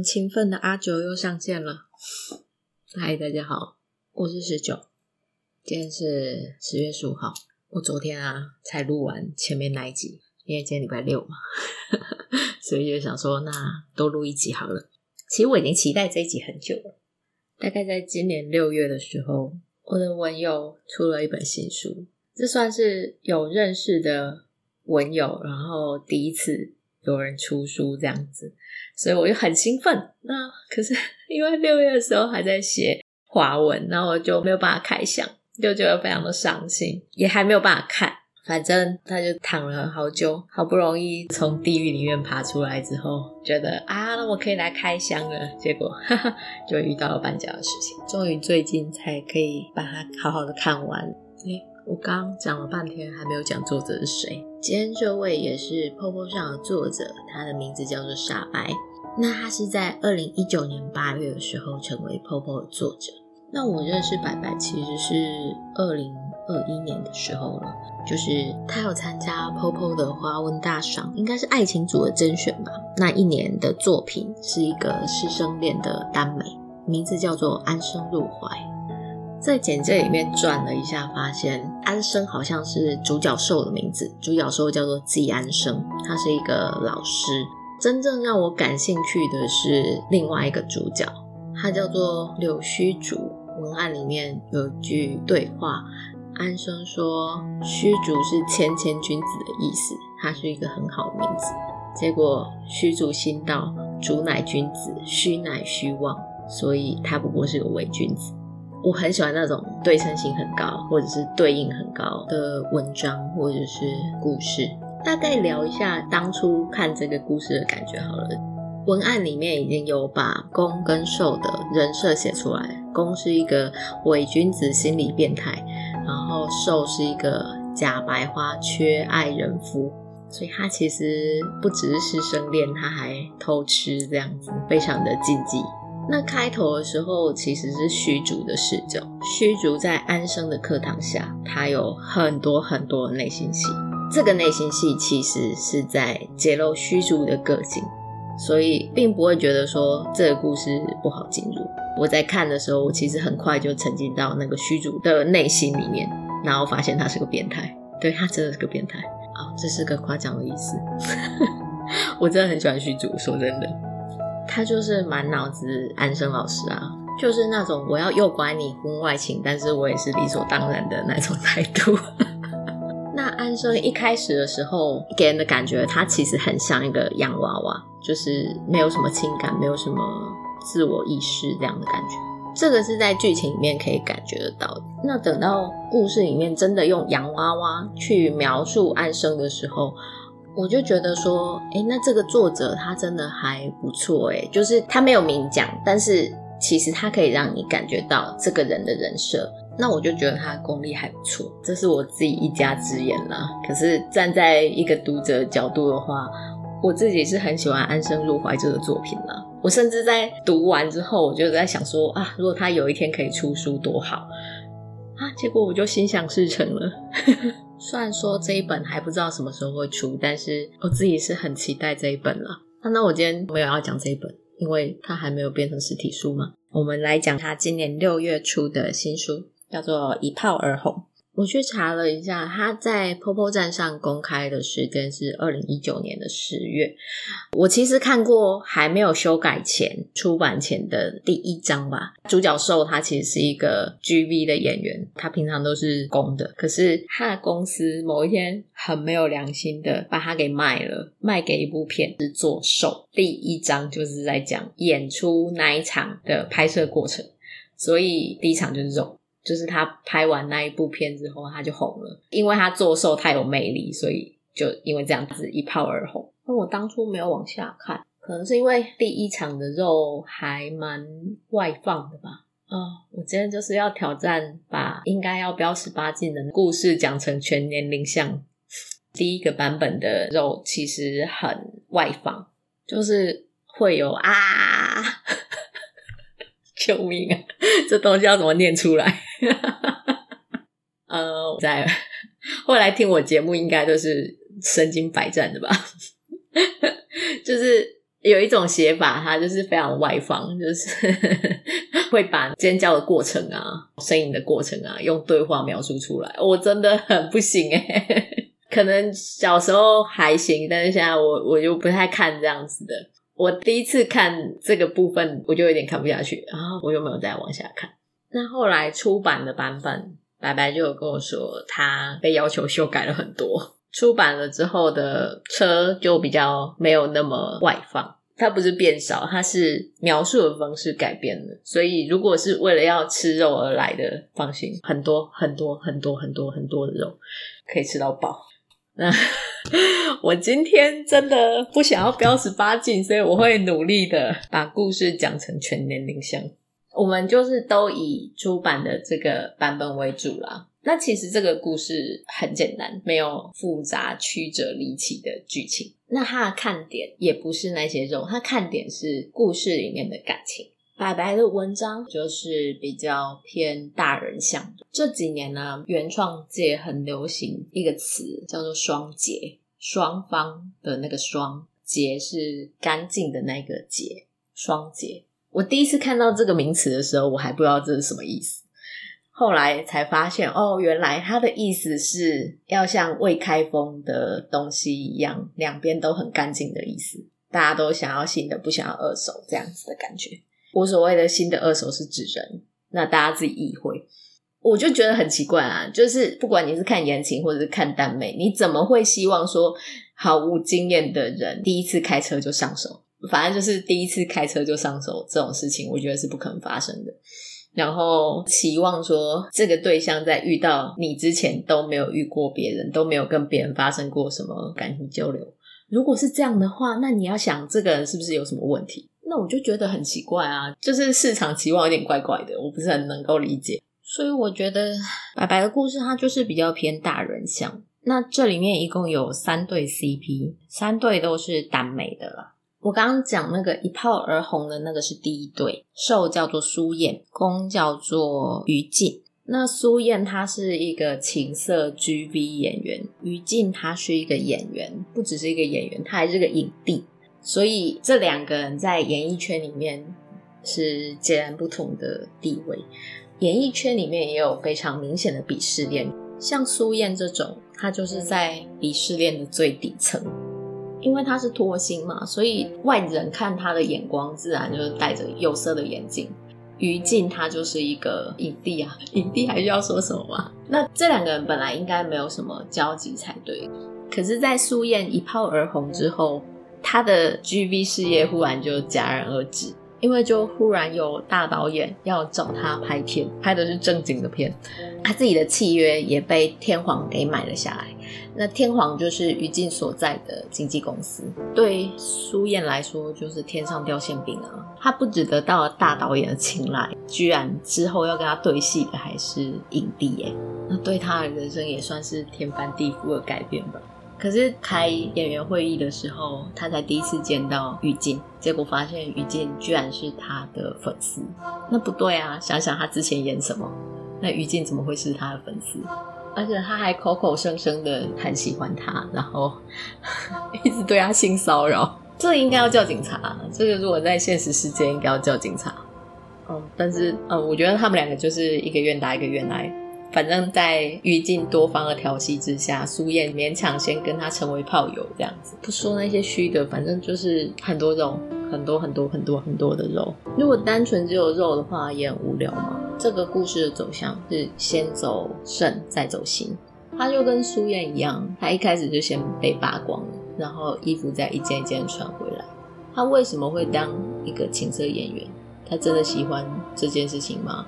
很勤奮的阿九又上線了。嗨，大家好，我是十九。今天是十月十五號。我昨天啊，才錄完前面那一集，因為今天禮拜六嘛， 所以就想說，那多錄一集好了。其實我已經期待這一集很久了。大概在今年六月的時候，我的文友出了一本新書，這算是有認識的文友，然後第一次有人出書這樣子。所以我就很興奮，那、啊、可是因為六月的時候還在寫華文，然後我就沒有辦法開箱，就覺得非常的傷心，也還沒有辦法看。反正他就躺了好久，好不容易從地獄裡面爬出來之後，覺得啊，那我可以來開箱了。結果哈哈，就遇到了搬家的事情，終於最近才可以把它好好的看完。哎、欸，我剛講了半天，還沒有講作者是誰？今天這位也是 Popo 上的作者，他的名字叫做傻白。那他是在二零一九年八月的時候成為 Popo 的作者。那我認識白白其實是二零二一年的時候了，就是他有參加 Popo 的花文大賞，應該是愛情組的甄選吧。那一年的作品是一個師生戀的耽美，名字叫做安生入懷。在簡介裡面轉了一下，發現安生好像是主角受的名字。主角受叫做季安生，他是一個老師。真正讓我感興趣的是另外一個主角，他叫做柳虛竹。文案裡面有句對話，安生說：“虛竹是謙謙君子的意思，他是一個很好的名字。”結果虛竹心道：“竹乃君子，虛乃虛妄，所以他不過是個偽君子。”我很喜歡那種對稱性很高，或者是對應很高的文章，或者是故事。大概聊一下當初看這個故事的感覺好了。文案裡面已經有把攻跟受的人設寫出來，攻是一個偽君子心理變態，然後受是一個假白花缺愛人夫，所以他其實不只是師生戀，他還偷吃這樣子，非常的禁忌。那開頭的時候其實是虛竹的視角，虛竹在安生的課堂下，他有很多很多內心戲。這個內心戲其實是在揭露虛竹的個性，所以並不會覺得說這個故事不好進入。我在看的時候，我其實很快就沉浸到那個虛竹的內心裡面，然後發現他是個變態，對他真的是個變態。啊、哦，這是個誇張的意思。 我真的很喜歡虛竹，說真的。他就是滿腦子安生老師啊，就是那種我要誘拐你婚外情，但是我也是理所當然的那種態度。 那安生一開始的時候給人的感覺，他其實很像一個洋娃娃，就是沒有什麼情感，沒有什麼自我意識這樣的感覺。這個是在劇情裡面可以感覺得到的。那等到故事裡面真的用洋娃娃去描述安生的時候。我就覺得說，哎，那這個作者他真的還不錯誒，誒就是他沒有明講，但是其實他可以讓你感覺到這個人的人設，那我就覺得他功力還不錯，這是我自己一家之言啦。可是站在一個讀者角度的話，我自己是很喜歡《安生入懷》這個作品了。我甚至在讀完之後，我就在想說，啊，如果他有一天可以出書多好啊！結果我就心想事成了。 雖然說這一本還不知道什麼時候會出，但是我自己是很期待這一本了。那那我今天沒有要講這一本，因為它還沒有變成實體書嘛。我們來講它今年六月初的新書，叫做《一炮而紅》。我去查了一下，他在 Popo 站上公開的時間是二零一九年的十月。我其實看過還沒有修改前出版前的第一章吧。主角受他其實是一個 GV 的演員，他平常都是攻的，可是他的公司某一天很沒有良心的把他給賣了，賣給一部片是做受。第一章就是在講演出哪一場的拍攝過程，所以第一場就是這種。就是他拍完那一部片之後，他就紅了，因為他做受太有魅力，所以就因為這樣子一炮而紅。那我當初沒有往下看，可能是因為第一場的肉還蠻外放的吧。啊、哦，我今天就是要挑戰把應該要標十八禁的故事講成全年齡向。第一個版本的肉其實很外放，就是會有啊， 救命啊，這東西要怎麼念出來？哈哈哈哈呃，在後來聽我節目，應該都是身經百戰的吧？ 就是有一種寫法，它就是非常外放，就是會把尖叫的過程啊、呻吟的過程啊，用對話描述出來。我、oh, 真的很不行哎、欸， 可能小時候還行，但是現在我我就不太看這樣子的。我第一次看這個部分，我就有點看不下去，啊、oh,，我有沒有再往下看。那後來出版的版本，白白就有跟我說，他被要求修改了很多。出版了之後的車就比較沒有那麼外放，它不是變少，它是描述的方式改變了。所以如果是為了要吃肉而來的，放心，很多很多很多很多很多的肉可以吃到飽。那 我今天真的不想要飆十八禁，所以我會努力的把故事講成全年齡向。我們就是都以出版的這個版本為主了。那其實這個故事很簡單，沒有複雜曲折離奇的劇情。那它的看點也不是那些種，它看點是故事裡面的感情。白白的文章就是比較偏大人向。這幾年呢，原創界很流行一個詞，叫做雙潔，雙方的那個雙，潔是乾淨的那個潔，雙潔。我第一次看到這個名詞的時候，我還不知道這是什麼意思。後來才發現，哦，原來它的意思是要像未開封的東西一樣，兩邊都很乾淨的意思。大家都想要新的，不想要二手，這樣子的感覺。我所謂的新的二手是指人，那大家自己意會。我就覺得很奇怪啊，就是不管你是看言情或者是看耽美，你怎麼會希望說毫無經驗的人第一次開車就上手？反正就是第一次開車就上手這種事情，我覺得是不可能發生的。然後期望說這個對象在遇到你之前都沒有遇過別人，都沒有跟別人發生過什麼感情交流。如果是這樣的話，那你要想這個人是不是有什麼問題？那我就覺得很奇怪啊，就是市場期望有點怪怪的，我不是很能夠理解。所以我覺得白白的故事，它就是比較偏大人向，那這裡面一共有三對 CP，三對都是耽美的啦。我剛剛講那個一炮而紅的那個是第一對，受叫做蘇焰，攻叫做於靜。那蘇焰她是一個情色 GV 演員，於靜他是一個演員，不只是一個演員，他還是個影帝。所以這兩個人在演藝圈裡面是截然不同的地位。演藝圈裡面也有非常明顯的鄙視鏈，像蘇焰這種，他就是在鄙視鏈的最底層。因為他是脫星嘛，所以外人看他的眼光自然就是戴着有色的眼鏡。於靜他就是一個影帝啊，影帝還需要說什麼嗎？那這兩個人本來應該沒有什麼交集才對，可是，在蘇焰一炮而紅之後，他的 GV 事業忽然就戛然而止，因為就忽然有大導演要找他拍片，拍的是正經的片，他、啊、自己的契約也被天皇給買了下來。那天皇就是於靜所在的經紀公司，對於蘇焰來說就是天上掉餡餅啊！他不只得到了大導演的青睞，居然之後要跟他對戲的還是影帝哎，那對他的人生也算是天翻地覆的改變吧。可是開演員會議的時候，他才第一次見到於靜，結果發現於靜居然是他的粉絲，那不對啊！想想他之前演什麼，那於靜怎麼會是他的粉絲？而且他還口口聲聲的很喜歡他，然後 一直對他性騷擾，這應該要叫警察。這個如果在現實世界，應該要叫警察。嗯，但是嗯，我覺得他們兩個就是一個願打一個願挨，反正，在於禁多方的調戲之下，蘇焰勉強先跟他成為炮友，這樣子。不說那些虛的，反正就是很多肉，很多很多很多很多的肉。如果單純只有肉的話，也很無聊嘛。這個故事的走向是先走腎，再走心。他就跟蘇焰一樣，他一開始就先被扒光了，然後衣服再一件一件穿回來。他為什麼會當一個情色演員？他真的喜歡這件事情嗎？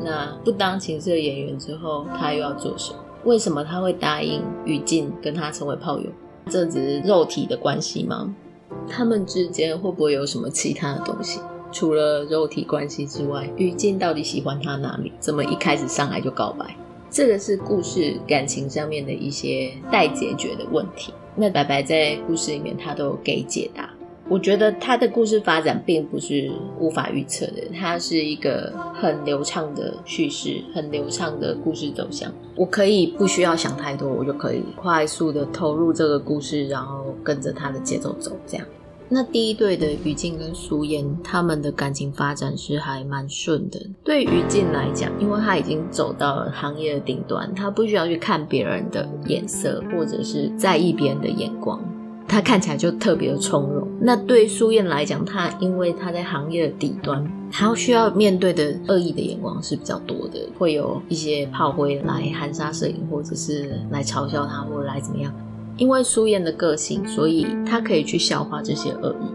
那不當情色演員之後，他又要做什麼？為什麼他會答應雨靜跟他成為炮友？這只是肉體的關係嗎？他們之間會不會有什麼其他的東西？除了肉體關係之外，於靜到底喜歡他哪裡？怎麼一開始上來就告白？這個是故事感情上面的一些待解決的問題。那白白在故事裡面，他都給解答。我覺得他的故事發展並不是無法預測的，他是一個很流暢的敘事，很流暢的故事走向。我可以不需要想太多，我就可以快速的投入這個故事，然後跟着他的節奏走，這樣。那第一對的於靜跟蘇焰，他們的感情發展是還蠻順的。對於靜來講，因為他已經走到了行業的頂端，他不需要去看別人的眼色，或者是在意別人的眼光，他看起來就特別的從容。那對蘇焰來講，他因為他在行業的底端，他需要面對的惡意的眼光是比較多的，會有一些炮灰來含沙射影，或者是來嘲笑他，或者來怎麼樣。因為蘇焰的個性，所以她可以去消化這些惡意。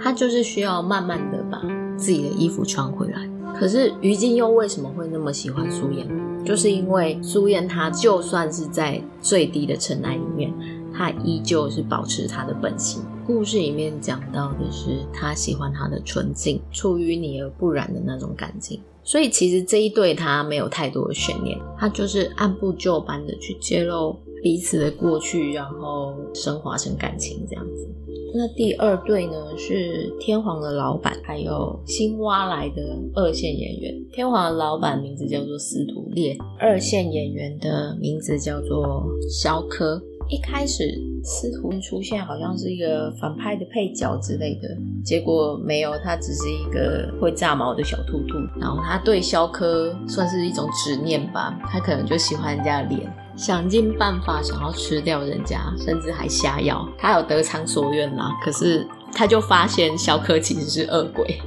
她就是需要慢慢的把自己的衣服穿回來。可是於金又為什麼會那麼喜歡蘇焰？就是因為蘇焰，她就算是在最低的塵埃裡面，她依舊是保持她的本性。故事裡面講到的是，她喜歡她的純淨，出淤泥而不染的那種感情。所以其實這一對他沒有太多的懸念，他就是按部就班的去揭露彼此的過去，然後升華成感情這樣子。那第二對呢，是天皇的老闆，還有新挖來的二線演員。天皇的老闆的名字叫做司徒烈，二線演員的名字叫做肖科。一開始，司徒出現好像是一個反派的配角之類的，結果沒有，他只是一個會炸毛的小兔兔。然後他對肖科算是一種執念吧，他可能就喜歡人家的臉，想盡辦法想要吃掉人家，甚至還下藥。他有得償所願啦，可是他就發現肖科其實是惡鬼，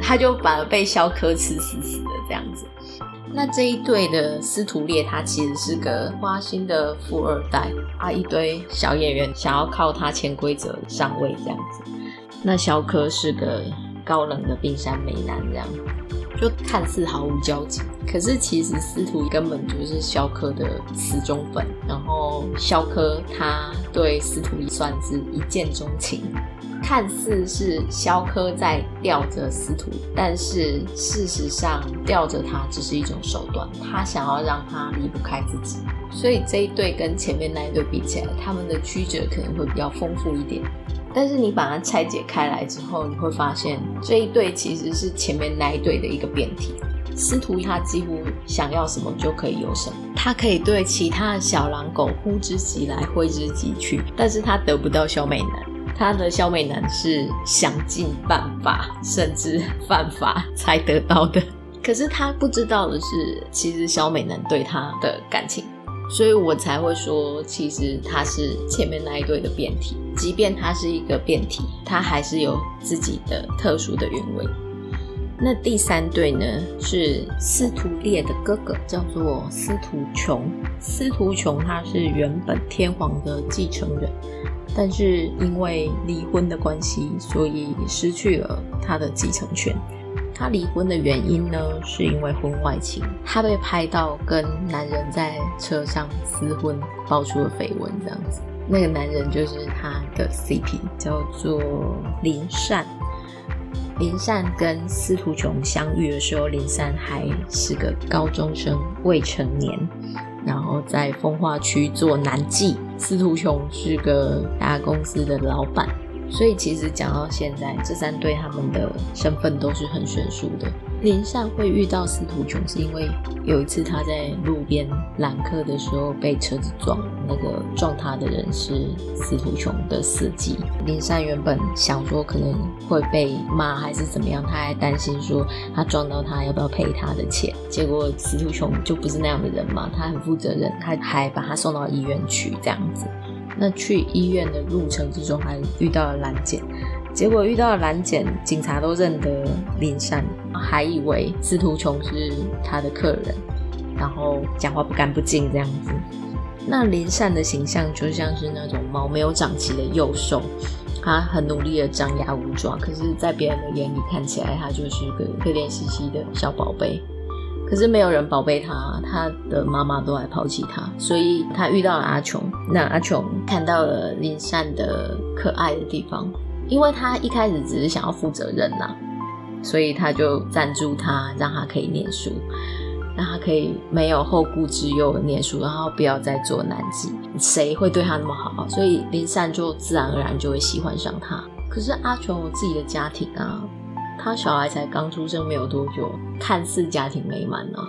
他就反而被肖科吃死死的這樣子。那這一對的司徒烈，他其實是個花心的富二代啊，一堆小演員想要靠他潛規則上位這樣子。那蕭科是個高冷的冰山美男，這樣就看似毫無交集。可是其實司徒根本就是蕭科的死忠粉，然後蕭科他對司徒算是一見鍾情。看似是肖科在吊着司徒，但是事實上吊着他只是一種手段，他想要讓他離不開自己。所以這一對跟前面那一對比起來，他們的曲折可能會比較豐富一點。但是你把它拆解開來之後，你會發現這一對其實是前面那一對的一個變體。司徒他幾乎想要什麼就可以有什麼，他可以對其他的小狼狗呼之即來，揮之即去，但是他得不到小美男。他的小美男是想盡辦法，甚至犯法才得到的。可是他不知道的是，其實小美男對他的感情。所以我才會說，其實他是前面那一對的變體。即便他是一個變體，他還是有自己的特殊的韻味。那第三對呢？是司徒烈的哥哥，叫做司徒瓊。司徒瓊他是原本天皇的繼承人。但是因為離婚的關係，所以失去了他的繼承權。他離婚的原因呢，是因為婚外情。他被拍到跟男人在車上私婚，爆出了緋聞這樣子。那個男人就是他的 CP，叫做林善。林善跟司徒瓊相遇的時候，林善還是個高中生，未成年。然後在風化區做男妓，司徒瓊是個大公司的老闆，所以其實講到現在，這三對他們的身份都是很懸殊的。林善會遇到司徒瓊，是因為有一次他在路邊攬客的時候被車子撞，那個撞他的人是司徒瓊的司機。林善原本想說可能會被罵還是怎麼樣，他還擔心說他撞到他要不要賠他的錢。結果司徒瓊就不是那樣的人嘛，他很負責任，他還把他送到醫院去這樣子。那去醫院的路程之中還遇到了臨檢。結果遇到了攔檢，警察都認得林善，還以為司徒瓊是他的客人，然後講話不乾不淨這樣子。那林善的形象就像是那種毛沒有長齊的幼獸，他很努力的張牙舞爪，可是在別人的眼裡看起來，他就是個可憐兮兮的小寶貝。可是沒有人寶貝他，他的媽媽都來拋棄他，所以他遇到了阿瓊。那阿瓊看到了林善的可愛的地方。因為他一開始只是想要負責任吶、啊，所以他就贊助他，讓他可以念書，讓他可以沒有後顧之憂地念書，然後不要再做男妓。誰會對他那麼好？所以林善就自然而然就會喜歡上他。可是阿瓊有自己的家庭啊，他小孩才剛出生沒有多久，看似家庭美滿啊，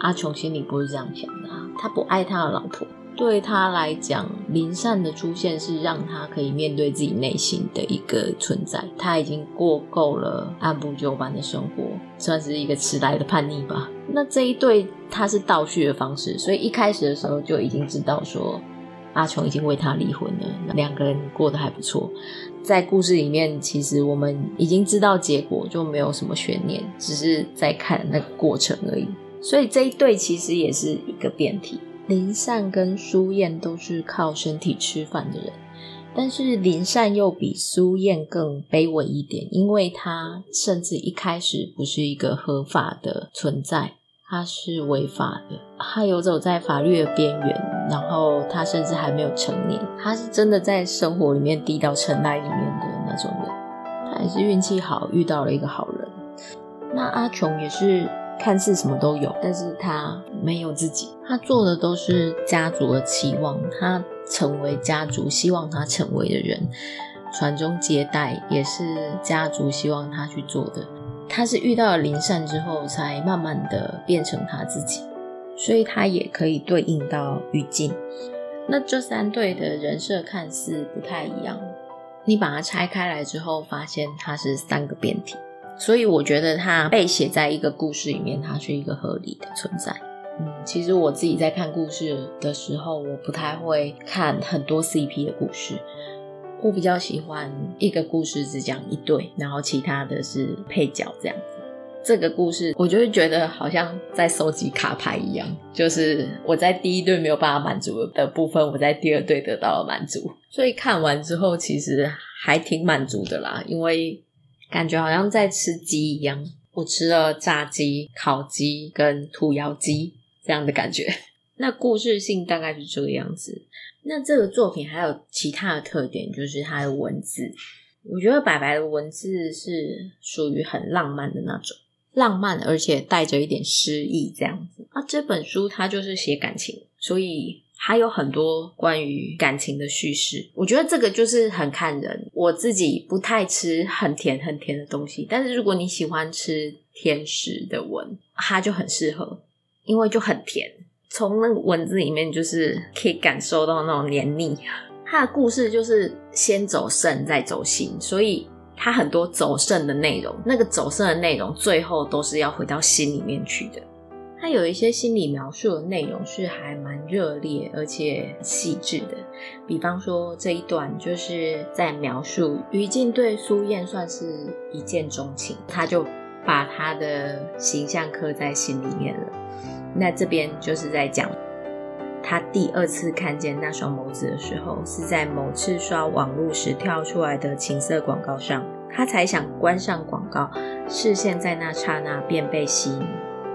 阿瓊心裡不是這樣想的、啊。他不愛他的老婆，對他來講。林善的出現是讓他可以面對自己內心的一個存在。他已經過夠了按部就班的生活，算是一個遲來的叛逆吧。那這一對他是倒敘的方式，所以一開始的時候就已經知道說阿瓊已經為他離婚了，兩個人過得還不錯。在故事裡面，其實我們已經知道結果，就沒有什麼懸念，只是在看那個過程而已。所以這一對其實也是一個變體。林善跟蘇焰都是靠身體吃飯的人，但是林善又比蘇焰更卑微一點，因為他甚至一開始不是一個合法的存在，他是違法的，他游走在法律的邊緣，然後他甚至還沒有成年，他是真的在生活裡面低到塵埃裡面的那種人，他也是運氣好遇到了一個好人。那阿瓊也是。看似什麼都有，但是他沒有自己，他做的都是家族的期望，他成為家族希望他成為的人，傳宗接代也是家族希望他去做的。他是遇到了林善之後，才慢慢的變成他自己，所以他也可以對應到於靜。那這三對的人設看似不太一樣，你把它拆開來之後，發現它是三個變體。所以我覺得它被寫在一個故事裡面，它是一個合理的存在。嗯，其實我自己在看故事的時候，我不太會看很多 CP 的故事，我比較喜歡一個故事只講一對，然後其他的是配角這樣子。這個故事我就會覺得好像在收集卡牌一樣，就是我在第一對沒有辦法滿足的部分，我在第二對得到了滿足，所以看完之後其實還挺滿足的啦，因為。感覺好像在吃雞一樣，我吃了炸雞、烤雞跟土窯雞這樣的感覺。那故事性大概是這個樣子。那這個作品還有其他的特點，就是它的文字。我覺得白白的文字是屬於很浪漫的那種，浪漫而且帶着一點詩意這樣子。啊，這本書它就是寫感情，所以。還有很多關於感情的敘事，我覺得這個就是很看人。我自己不太吃很甜很甜的東西，但是如果你喜歡吃甜食的文，它就很適合，因為就很甜。從那個文字裡面，就是可以感受到那種黏膩。它的故事就是先走腎，再走心，所以它很多走腎的內容，那個走腎的內容最後都是要回到心裡面去的。他有一些心理描述的內容是還蠻熱烈而且細緻的，比方說這一段就是在描述於靜對蘇焰算是一見鍾情，他就把他的形象刻在心裡面了。那這邊就是在講他第二次看見那雙眸子的時候，是在某次刷網絡時跳出來的情色廣告上，他才想關上廣告，視線在那剎那便被吸引，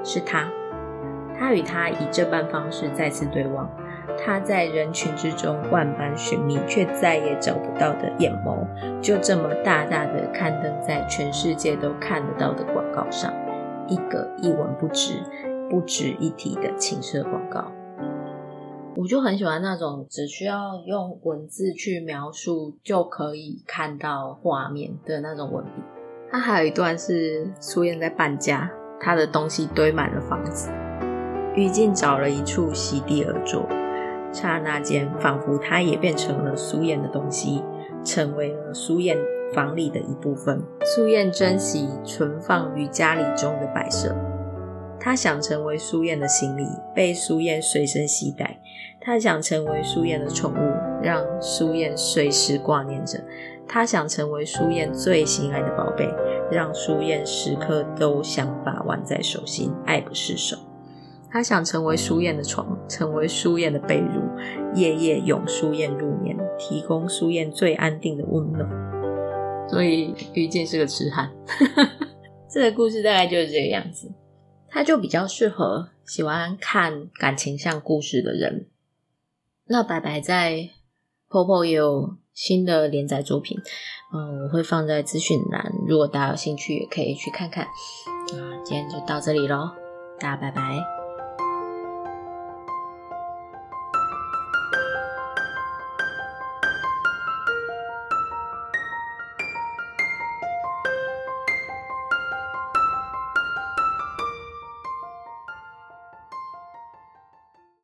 是他。他與他以這般方式再次對望，他在人群之中萬般尋覓，卻再也找不到的眼眸，就這麼大大的刊登在全世界都看得到的廣告上，一個一文不值、不值一提的情色廣告。我就很喜歡那種只需要用文字去描述就可以看到畫面的那種文筆。他還有一段是蘇焰在搬家，他的東西堆滿了房子。於鏡找了一處席地而坐，剎那間，仿佛她也變成了蘇焰的東西，成為了蘇焰房裡的一部分。蘇焰珍惜存放於家裡中的擺設，他想成為蘇焰的行李，被蘇焰隨身攜帶；他想成為蘇焰的寵物，讓蘇焰隨時掛念着；他想成為蘇焰最心愛的寶貝，讓蘇焰時刻都想把玩在手心，愛不釋手。他想成為蘇焰的床，成為蘇焰的被褥，夜夜擁蘇焰入眠，提供蘇焰最安定的溫暖。所以於靜是個痴漢。 這個故事大概就是這個樣子。他就比較適合喜歡看感情向故事的人。那白白在 POPO 也有新的連載作品，嗯，我會放在資訊欄，如果大家有興趣，也可以去看看。啊、嗯，今天就到這裡嘍，大家拜拜。